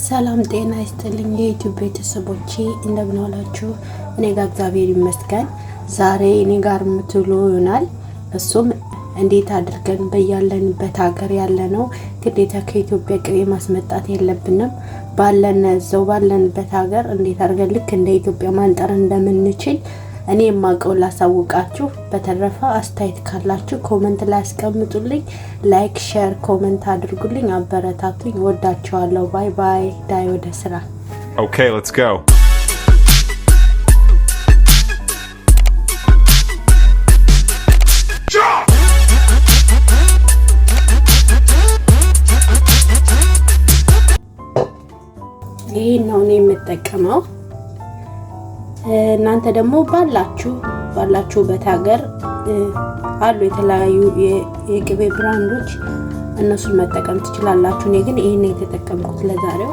ሰላም ጤና ይስጥልኝ የዩቲዩብ ቤተሰቦቼ እንደምን እኔ ጋር እግዚአብሔር ይመስገን። ዛሬ እኔ ጋር የምትሉ ይሆናል። እሱም እንዴት አድርገን በያለንበት ሀገር ያለ ነው ግዴታ ከኢትዮጵያ ቅቤ ማስመጣት የለብንም። ባለን እዛው ባለንበት ሀገር እንዴት አድርገን ልክ እንደ ኢትዮጵያ ማንጠር እንደምንችል እኔ የማውቀው ላሳውቃችሁ። በተረፈ አስተያየት ካላችሁ ኮመንት ላይ አስቀምጡልኝ። ላይክ፣ ሼር፣ ኮመንት አድርጉልኝ፣ አበረታቱኝ። ወዳችኋለሁ። ባይ ባይ። ዳይ ወደ ስራ ኦኬ ሌትስ ጎ ይሄን ነው እኔ የምጠቀመው። እናንተ ደግሞ ባላችሁ ባላችሁበት ሀገር አሉ የተለያዩ የቅቤ ብራንዶች፣ እነሱን መጠቀም ትችላላችሁ። እኔ ግን ይህን የተጠቀምኩት ለዛሬው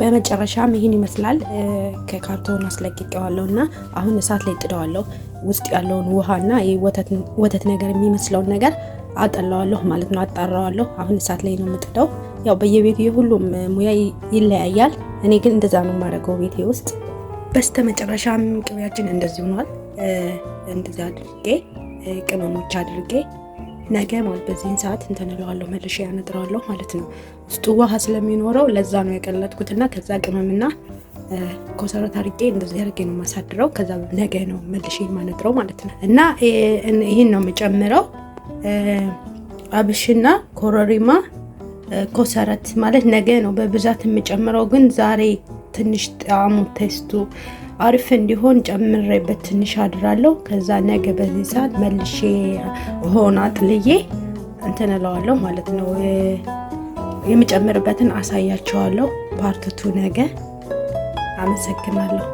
በመጨረሻም ይህን ይመስላል። ከካርቶን አስለቅቄዋለሁ እና አሁን እሳት ላይ ጥደዋለሁ። ውስጥ ያለውን ውሃና ወተት ነገር የሚመስለውን ነገር አጠለዋለሁ ማለት ነው፣ አጣራዋለሁ። አሁን እሳት ላይ ነው የምጥደው። ያው በየቤቱ የሁሉም ሙያ ይለያያል። እኔ ግን እንደዛ ነው የማደርገው ቤቴ ውስጥ። በስተ መጨረሻም ቅቤያችን እንደዚህ ሆኗል። እንደዚህ አድርጌ ቅመሞች አድርጌ ነገ ማለት በዚህን ሰዓት እንትን መልሼ ያነጥረዋለሁ ማለት ነው። ውስጡ ውሃ ስለሚኖረው ለዛ ነው የቀለጥኩትና ከዛ ቅመምና ኮሰረት አርቄ እንደዚህ አርጌ ነው የማሳድረው። ከዛ ነገ ነው መልሼ የማነጥረው ማለት ነው። እና ይህን ነው የምጨምረው አብሽና ኮረሪማ ኮሰረት ማለት ነገ ነው በብዛት የምጨምረው፣ ግን ዛሬ ትንሽ ጣዕሙ ቴስቱ አሪፍ እንዲሆን ጨምሬበት ትንሽ አድራለሁ። ከዛ ነገ በዚህ ሰዓት መልሼ ሆን አጥልዬ እንትን እለዋለሁ ማለት ነው። የምጨምርበትን አሳያቸዋለሁ። ፓርትቱ ነገ። አመሰግናለሁ።